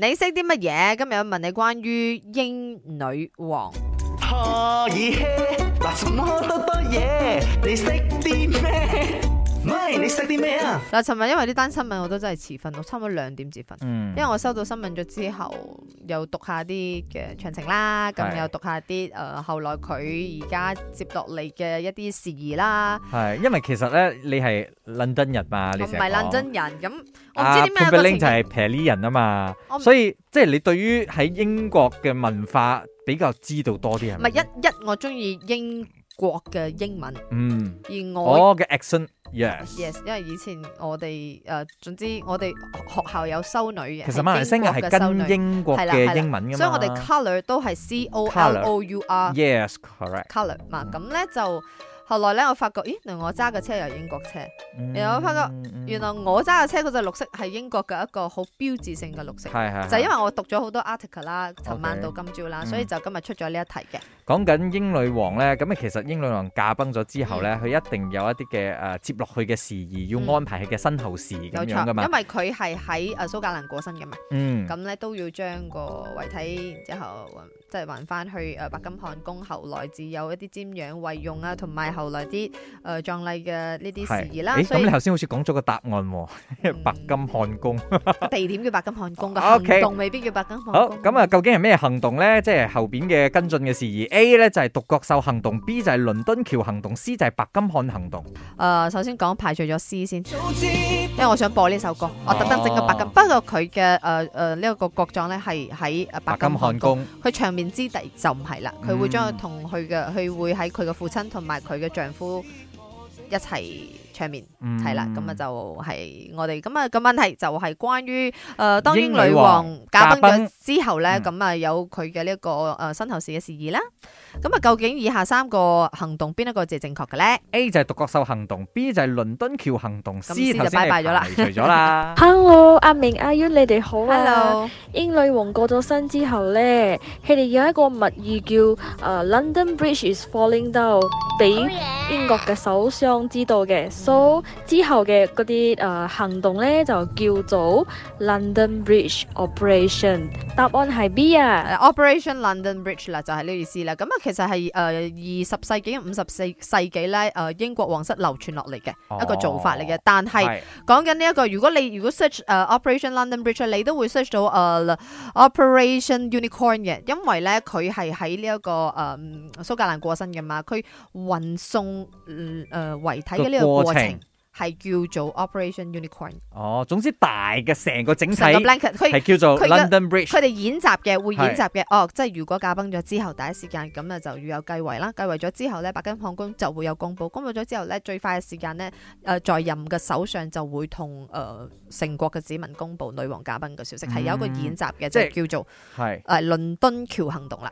你識啲乜嘢？今日我問你關於英女王。哈爾希，嗱，什麼咁多嘢？你識？ 嗱，尋日因為啲單新聞，我都真係遲瞓，到，差唔多兩點至瞓。嗯，因為我收到新聞咗之後，又讀下啲嘅詳情啦，咁是又讀下啲誒、呃、後來佢而家接落嚟嘅一啲事宜啦。係，因為其實咧，你係倫敦人嘛，你唔係倫敦人？咁我唔知啲咩就係 Pallian 啊嘛，所以我即係你對於喺英國嘅文化比較知道多啲啊。唔係不，一一我中意英國嘅英文，嗯，而我我嘅 accent Yes. yes，因為以前我哋誒、呃、總之我哋學校有修女嘅，其實馬來西亞係跟英國嘅英文，所以我哋 color 都係 c o l o u r。Yes，correct。color 嘛，咁咧就。後來咧，我發覺，咦，原來我揸嘅車又係英國車，然後我發覺原來我揸嘅車嗰隻綠色係英國嘅一個好標誌性嘅綠色，係係就因為我讀咗好多 article 啦，尋晚到今朝啦，所以就今日出咗呢一題嘅。講緊英女王咧，咁啊其實英女王駕崩咗之後咧，佢一定有一啲嘅誒接落去嘅事宜要安排佢嘅身後事咁樣噶嘛，有錯，因為佢係喺啊蘇格蘭過身嘅嘛，嗯，咁咧都要將個遺體，然之後即係還翻去啊白金漢宮後，來自有一啲瞻仰遺容啊，同埋。後來啲誒壯麗嘅呢啲事宜啦，所以你頭先好似講咗個答案喎，白金漢宮。地點叫白金漢宮嘅 OK，行動未必叫白金漢。好，咁啊，究竟係咩行動咧？即係後邊嘅跟進嘅事宜 A 咧就係獨角獸行動，B 就係倫敦橋行動，C 就係白金漢行動。誒，首先講排除咗 C 先，因為我想播呢首歌，我特登整個白金。呢佢嘅誒誒呢一個國狀咧係喺誒白金漢宮，佢長眠之地就唔係啦，佢、嗯、會將佢同佢嘅，佢會喺佢嘅父親同埋佢嘅丈夫一齊。上面係啦，咁啊就係我哋咁啊個問題就係關於誒，當英女王駕崩咗之後咧，咁啊有佢嘅呢一個誒身後事嘅事宜啦。咁啊，究竟以下三個行動邊一個至係正確嘅咧？A 就係獨角獸行動，B 就係倫敦橋行動。C 就拜拜咗啦，除咗啦。Hello，阿明阿淵，你哋好。Hello，英女王過咗身之後咧，佢哋有一個密語叫誒，London Bridge is falling down，俾英國嘅首相知道嘅。之後嘅嗰啲誒行動咧，就叫做 London Bridge Operation。答案係 B 啊，Operation London Bridge 啦，就係呢個意思啦。咁啊，其實係誒二十世紀五十四世紀咧，誒英國皇室流傳落嚟嘅一個做法嚟嘅。但係講緊呢一個，如果你如果 search 誒 Operation London Bridge，你都會 search 到誒 Operation Unicorn 嘅，因為咧佢係喺呢一個誒蘇格蘭過身嘅嘛，佢運送誒遺體嘅呢個過程。係叫做 Operation Unicorn。哦，總之大嘅成個整體，佢係叫做 London Bridge 佢哋演習嘅會演習嘅，是哦，即係如果駕崩咗之後第一時間咁啊，就要有繼位啦，繼位咗之後呢，白金漢宮就會有公布，公布咗之後呢，最快嘅時間呢，誒、呃、在任嘅首相就會同誒、呃、成國嘅子民公布女王駕崩嘅消息，係、嗯、有一個演習嘅，即係叫做係倫敦橋行動啦。